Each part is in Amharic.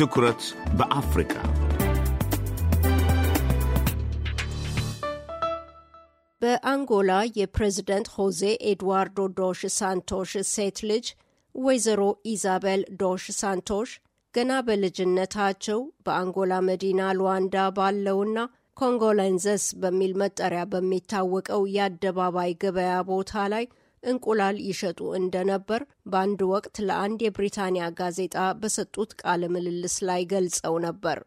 ትኩረት በአፍሪካ በአንጎላ የፕሬዝደንት ሆዜ ኤድዋርዶ ዶሽ ሳንቶሽ ሴት ልጅ ወይዘሮ ኢዛቤል ዶሽ ሳንቶሽ ገና በልጅነታቸው በአንጎላ መዲና ሉዋንዳ ባለውና ኮንጎሌንዘስ በሚል መጠሪያ በሚታወቀው የአደባባይ ገበያ ቦታ ላይ እንቁላል ይሸጡ እንደነበር በአንድ ወቅት ለአንድ የብሪታንያ ጋዜጣ በሰጡት ቃለ ምልልስ ላይ ገልጸው ነበር።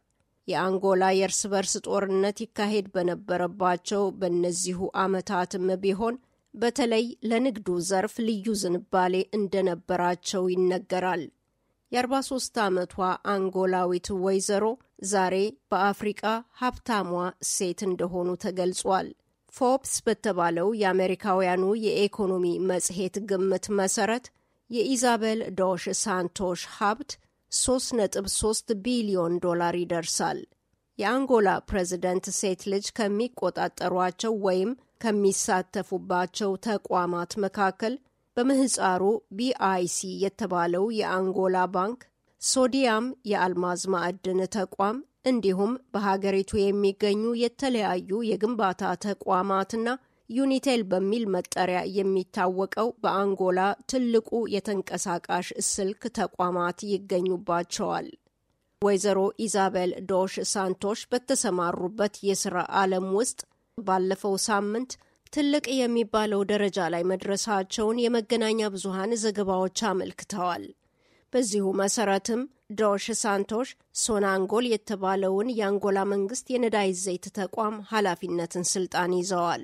የአንጎላ የእርስ በርስ ጦርነት ይካሄድ በነበረባቸው በእነዚሁ ዓመታትም ቢሆን በተለይ ለንግዱ ዘርፍ ልዩ ዝንባሌ እንደነበራቸው ይነገራል። የ43 ዓመቷ አንጎላዊት ወይዘሮ ዛሬ በአፍሪቃ ሀብታሟ ሴት እንደሆኑ ተገልጿል። ፎብስ በተባለው የአሜሪካውያኑ የኢኮኖሚ መጽሔት ግምት መሰረት የኢዛቤል ዶሽ ሳንቶሽ ሀብት 3.3 ቢሊዮን ዶላር ይደርሳል። የአንጎላ ፕሬዝደንት ሴት ልጅ ከሚቆጣጠሯቸው ወይም ከሚሳተፉባቸው ተቋማት መካከል በምህፃሩ ቢአይሲ የተባለው የአንጎላ ባንክ ሶዲያም የአልማዝ ማዕድን ተቋም እንዲሁም በሀገሪቱ የሚገኙ የተለያዩ የግንባታ ተቋማትና ዩኒቴል በሚል መጠሪያ የሚታወቀው በአንጎላ ትልቁ የተንቀሳቃሽ ስልክ ተቋማት ይገኙባቸዋል። ወይዘሮ ኢዛቤል ዶሽ ሳንቶሽ በተሰማሩበት የስራ ዓለም ውስጥ ባለፈው ሳምንት ትልቅ የሚባለው ደረጃ ላይ መድረሳቸውን የመገናኛ ብዙሃን ዘገባዎች አመልክተዋል። በዚሁ መሰረትም ዶሽ ሳንቶሽ ሶናንጎል የተባለውን የአንጎላ መንግስት የነዳጅ ዘይት ተቋም ኃላፊነትን ስልጣን ይዘዋል።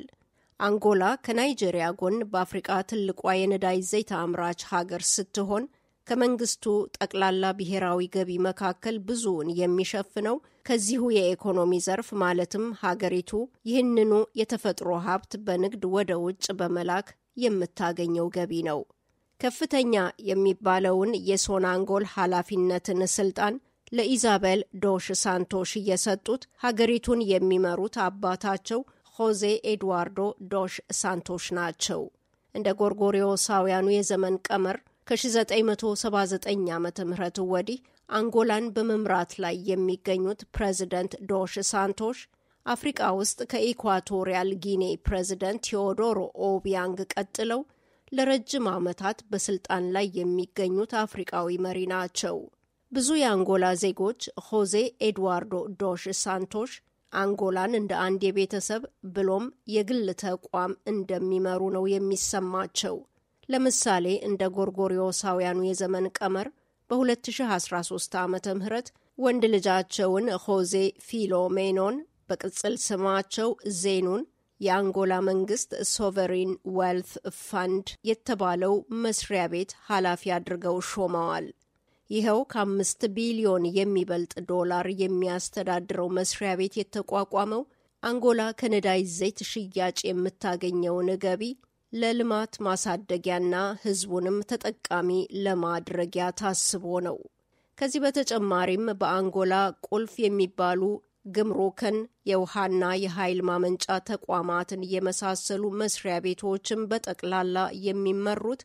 አንጎላ ከናይጄሪያ ጎን በአፍሪቃ ትልቋ የነዳጅ ዘይት አምራች ሀገር ስትሆን ከመንግስቱ ጠቅላላ ብሔራዊ ገቢ መካከል ብዙውን የሚሸፍነው ከዚሁ የኢኮኖሚ ዘርፍ ማለትም ሀገሪቱ ይህንኑ የተፈጥሮ ሀብት በንግድ ወደ ውጭ በመላክ የምታገኘው ገቢ ነው። ከፍተኛ የሚባለውን የሶናንጎል ኃላፊነትን ስልጣን ለኢዛቤል ዶሽ ሳንቶሽ እየሰጡት ሀገሪቱን የሚመሩት አባታቸው ሆዜ ኤድዋርዶ ዶሽ ሳንቶሽ ናቸው። እንደ ጎርጎሪዮሳውያኑ የዘመን ቀመር ከ1979 ዓ ም ወዲህ አንጎላን በመምራት ላይ የሚገኙት ፕሬዚደንት ዶሽ ሳንቶሽ አፍሪቃ ውስጥ ከኢኳቶሪያል ጊኔ ፕሬዚደንት ቴዎዶሮ ኦቢያንግ ቀጥለው ለረጅም ዓመታት በስልጣን ላይ የሚገኙት አፍሪቃዊ መሪ ናቸው። ብዙ የአንጎላ ዜጎች ሆዜ ኤድዋርዶ ዶሽ ሳንቶሽ አንጎላን እንደ አንድ የቤተሰብ ብሎም የግል ተቋም እንደሚመሩ ነው የሚሰማቸው። ለምሳሌ እንደ ጎርጎሪዮሳውያኑ የዘመን ቀመር በ2013 ዓ ም ወንድ ልጃቸውን ሆዜ ፊሎሜኖን በቅጽል ስማቸው ዜኑን የአንጎላ መንግስት ሶቨሪን ዌልት ፋንድ የተባለው መስሪያ ቤት ኃላፊ አድርገው ሾመዋል። ይኸው ከአምስት ቢሊዮን የሚበልጥ ዶላር የሚያስተዳድረው መስሪያ ቤት የተቋቋመው አንጎላ ከነዳጅ ዘይት ሽያጭ የምታገኘውን ገቢ ለልማት ማሳደጊያና ህዝቡንም ተጠቃሚ ለማድረጊያ ታስቦ ነው። ከዚህ በተጨማሪም በአንጎላ ቁልፍ የሚባሉ ግምሩክን፣ የውሃና የኃይል ማመንጫ ተቋማትን የመሳሰሉ መስሪያ ቤቶችን በጠቅላላ የሚመሩት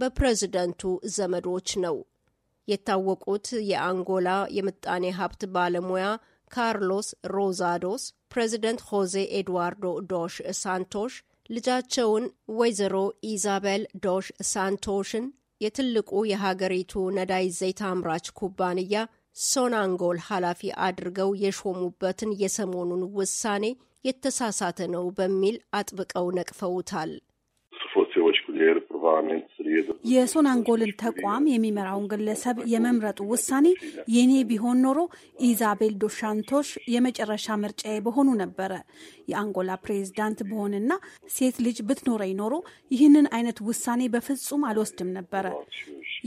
በፕሬዝደንቱ ዘመዶች ነው። የታወቁት የአንጎላ የምጣኔ ሀብት ባለሙያ ካርሎስ ሮዛዶስ ፕሬዝደንት ሆዜ ኤድዋርዶ ዶሽ ሳንቶሽ ልጃቸውን ወይዘሮ ኢዛቤል ዶሽ ሳንቶሽን የትልቁ የሀገሪቱ ነዳጅ ዘይት አምራች ኩባንያ ሶናንጎል ኃላፊ አድርገው የሾሙበትን የሰሞኑን ውሳኔ የተሳሳተ ነው በሚል አጥብቀው ነቅፈውታል። የሶናንጎልን ተቋም የሚመራውን ግለሰብ የመምረጡ ውሳኔ የኔ ቢሆን ኖሮ ኢዛቤል ዶሻንቶሽ የመጨረሻ ምርጫዬ በሆኑ ነበረ። የአንጎላ ፕሬዝዳንት በሆንና ሴት ልጅ ብትኖረኝ ኖሮ ይህንን አይነት ውሳኔ በፍጹም አልወስድም ነበረ።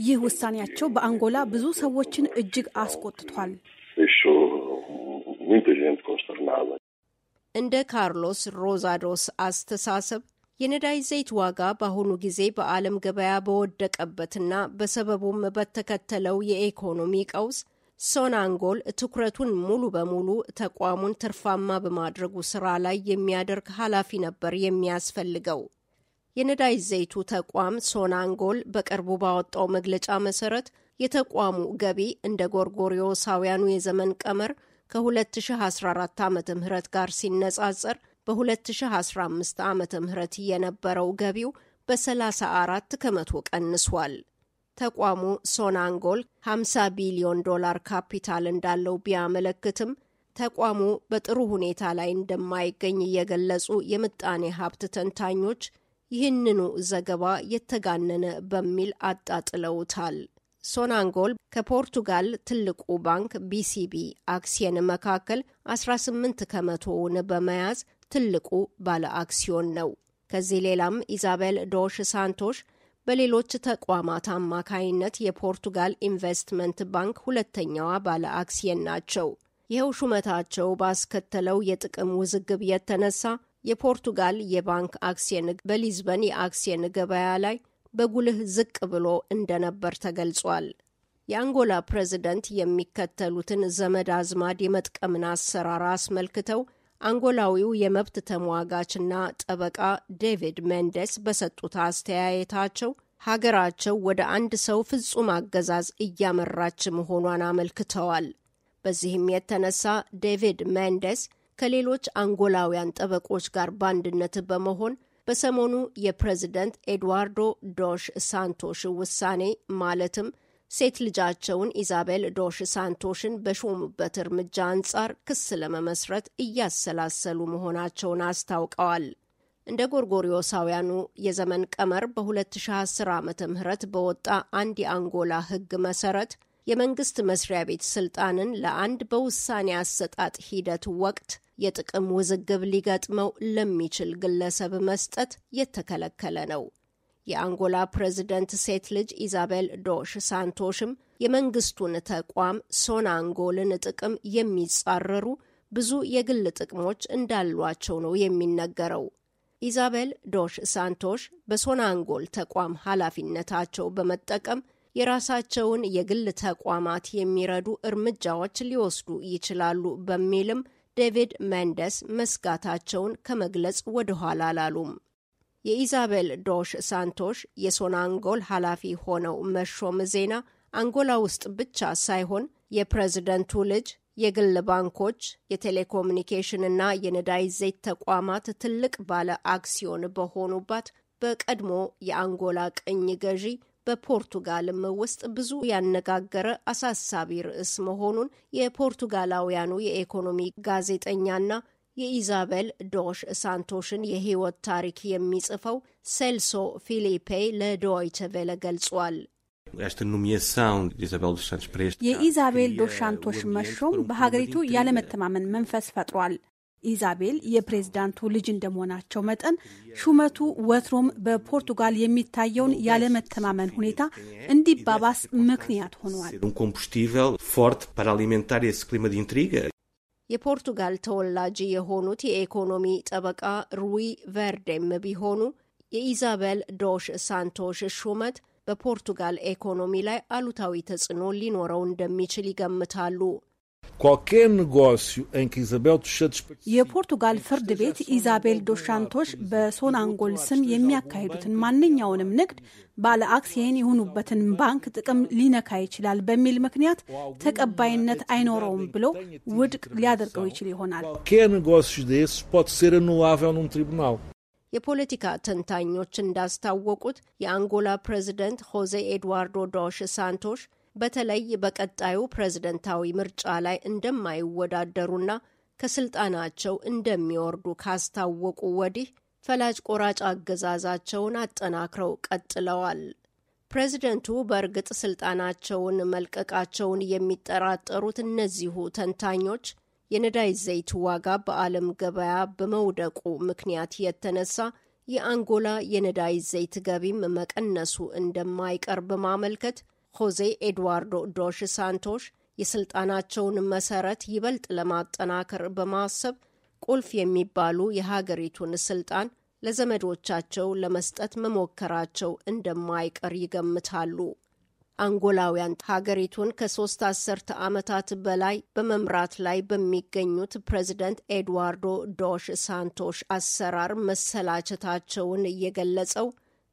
ይህ ውሳኔያቸው በአንጎላ ብዙ ሰዎችን እጅግ አስቆጥቷል። እንደ ካርሎስ ሮዛዶስ አስተሳሰብ የነዳጅ ዘይት ዋጋ በአሁኑ ጊዜ በዓለም ገበያ በወደቀበትና በሰበቡም በተከተለው የኢኮኖሚ ቀውስ ሶናንጎል ትኩረቱን ሙሉ በሙሉ ተቋሙን ትርፋማ በማድረጉ ስራ ላይ የሚያደርግ ኃላፊ ነበር የሚያስፈልገው። የነዳጅ ዘይቱ ተቋም ሶናንጎል በቅርቡ ባወጣው መግለጫ መሰረት የተቋሙ ገቢ እንደ ጎርጎሪዮሳውያኑ የዘመን ቀመር ከ2014 ዓ ም ጋር ሲነጻጸር በ2015 ዓ ም የነበረው ገቢው በ34 ከመቶ ቀንሷል። ተቋሙ ሶናንጎል 50 ቢሊዮን ዶላር ካፒታል እንዳለው ቢያመለክትም ተቋሙ በጥሩ ሁኔታ ላይ እንደማይገኝ የገለጹ የምጣኔ ሀብት ተንታኞች ይህንኑ ዘገባ የተጋነነ በሚል አጣጥለውታል። ሶናንጎል ከፖርቱጋል ትልቁ ባንክ ቢሲቢ አክሲየን መካከል 18 ከመቶውን በመያዝ ትልቁ ባለ አክሲዮን ነው። ከዚህ ሌላም ኢዛቤል ዶሽ ሳንቶሽ በሌሎች ተቋማት አማካይነት የፖርቱጋል ኢንቨስትመንት ባንክ ሁለተኛዋ ባለ አክሲየን ናቸው። ይኸው ሹመታቸው ባስከተለው የጥቅም ውዝግብ የተነሳ የፖርቱጋል የባንክ አክሲየን በሊዝበን የአክሲየን ገበያ ላይ በጉልህ ዝቅ ብሎ እንደነበር ተገልጿል። የአንጎላ ፕሬዝደንት የሚከተሉትን ዘመድ አዝማድ የመጥቀምን አሰራር አስመልክተው አንጎላዊው የመብት ተሟጋችና ጠበቃ ዴቪድ ሜንደስ በሰጡት አስተያየታቸው ሀገራቸው ወደ አንድ ሰው ፍጹም አገዛዝ እያመራች መሆኗን አመልክተዋል። በዚህም የተነሳ ዴቪድ ሜንደስ ከሌሎች አንጎላውያን ጠበቆች ጋር በአንድነት በመሆን በሰሞኑ የፕሬዝደንት ኤድዋርዶ ዶሽ ሳንቶሽ ውሳኔ ማለትም ሴት ልጃቸውን ኢዛቤል ዶሽ ሳንቶሽን በሾሙበት እርምጃ አንጻር ክስ ለመመስረት እያሰላሰሉ መሆናቸውን አስታውቀዋል። እንደ ጎርጎሪዮሳውያኑ የዘመን ቀመር በ2010 ዓ ም በወጣ አንድ የአንጎላ ሕግ መሰረት የመንግስት መስሪያ ቤት ስልጣንን ለአንድ በውሳኔ አሰጣጥ ሂደት ወቅት የጥቅም ውዝግብ ሊገጥመው ለሚችል ግለሰብ መስጠት የተከለከለ ነው። የአንጎላ ፕሬዝደንት ሴት ልጅ ኢዛቤል ዶሽ ሳንቶሽም የመንግስቱን ተቋም ሶናንጎልን ጥቅም የሚጻረሩ ብዙ የግል ጥቅሞች እንዳሏቸው ነው የሚነገረው። ኢዛቤል ዶሽ ሳንቶሽ በሶናንጎል ተቋም ኃላፊነታቸው በመጠቀም የራሳቸውን የግል ተቋማት የሚረዱ እርምጃዎች ሊወስዱ ይችላሉ በሚልም ዴቪድ መንደስ መስጋታቸውን ከመግለጽ ወደኋላ አላሉም። የኢዛቤል ዶሽ ሳንቶሽ አንጎል ኃላፊ ሆነው መሾም ዜና አንጎላ ውስጥ ብቻ ሳይሆን የፕሬዝደንቱ ልጅ የግል ባንኮች፣ የቴሌኮሙኒኬሽንና የነዳይ ዘይት ተቋማት ትልቅ ባለ አክሲዮን በሆኑባት በቀድሞ የአንጎላ ቅኝ ገዢ በፖርቱጋልም ውስጥ ብዙ ያነጋገረ አሳሳቢ ርዕስ መሆኑን የፖርቱጋላውያኑ የኢኮኖሚ ጋዜጠኛና የኢዛቤል ዶሽ ሳንቶሽን የህይወት ታሪክ የሚጽፈው ሴልሶ ፊሊፔ ለዶይቸ ቬለ ገልጿል። የኢዛቤል ዶሽ ሳንቶሽ መሾም በሀገሪቱ ያለመተማመን መንፈስ ፈጥሯል። ኢዛቤል የፕሬዝዳንቱ ልጅ እንደመሆናቸው መጠን ሹመቱ ወትሮም በፖርቱጋል የሚታየውን ያለመተማመን ሁኔታ እንዲባባስ ምክንያት ሆኗል። የፖርቱጋል ተወላጅ የሆኑት የኢኮኖሚ ጠበቃ ሩይ ቨርዴም ቢሆኑ የኢዛቤል ዶሽ ሳንቶሽ ሹመት በፖርቱጋል ኢኮኖሚ ላይ አሉታዊ ተጽዕኖ ሊኖረው እንደሚችል ይገምታሉ። qualquer negócio em que Isabel e dos Santos የፖርቱጋል ፍርድ ቤት ኢዛቤል ዶስ ሳንቶስ በሶናንጎል ስም የሚያካሂዱትን ማንኛውንም ንግድ ባለ አክሲዮን የሆኑበትን ባንክ ጥቅም ሊነካ ይችላል በሚል ምክንያት ተቀባይነት አይኖረውም ብሎ ውድቅ ሊያደርገው ይችል ይሆናል። የፖለቲካ ተንታኞች እንዳስታወቁት የአንጎላ ፕሬዚደንት ሆዜ ኤድዋርዶ ዶሽ ሳንቶሽ በተለይ በቀጣዩ ፕሬዝደንታዊ ምርጫ ላይ እንደማይወዳደሩና ከስልጣናቸው እንደሚወርዱ ካስታወቁ ወዲህ ፈላጭ ቆራጭ አገዛዛቸውን አጠናክረው ቀጥለዋል። ፕሬዝደንቱ በእርግጥ ስልጣናቸውን መልቀቃቸውን የሚጠራጠሩት እነዚሁ ተንታኞች የነዳጅ ዘይት ዋጋ በዓለም ገበያ በመውደቁ ምክንያት የተነሳ የአንጎላ የነዳጅ ዘይት ገቢም መቀነሱ እንደማይቀር በማመልከት ሆዜ ኤድዋርዶ ዶሽ ሳንቶሽ የስልጣናቸውን መሰረት ይበልጥ ለማጠናከር በማሰብ ቁልፍ የሚባሉ የሀገሪቱን ስልጣን ለዘመዶቻቸው ለመስጠት መሞከራቸው እንደማይቀር ይገምታሉ። አንጎላውያን ሀገሪቱን ከሶስት አስርተ ዓመታት በላይ በመምራት ላይ በሚገኙት ፕሬዚደንት ኤድዋርዶ ዶሽ ሳንቶሽ አሰራር መሰላቸታቸውን እየገለጸው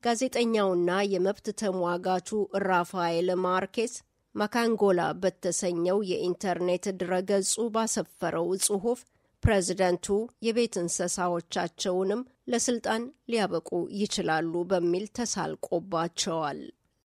ጋዜጠኛውና የመብት ተሟጋቹ ራፋኤል ማርኬስ ማካንጎላ በተሰኘው የኢንተርኔት ድረገጹ ባሰፈረው ጽሑፍ ፕሬዝደንቱ የቤት እንስሳዎቻቸውንም ለስልጣን ሊያበቁ ይችላሉ በሚል ተሳልቆባቸዋል።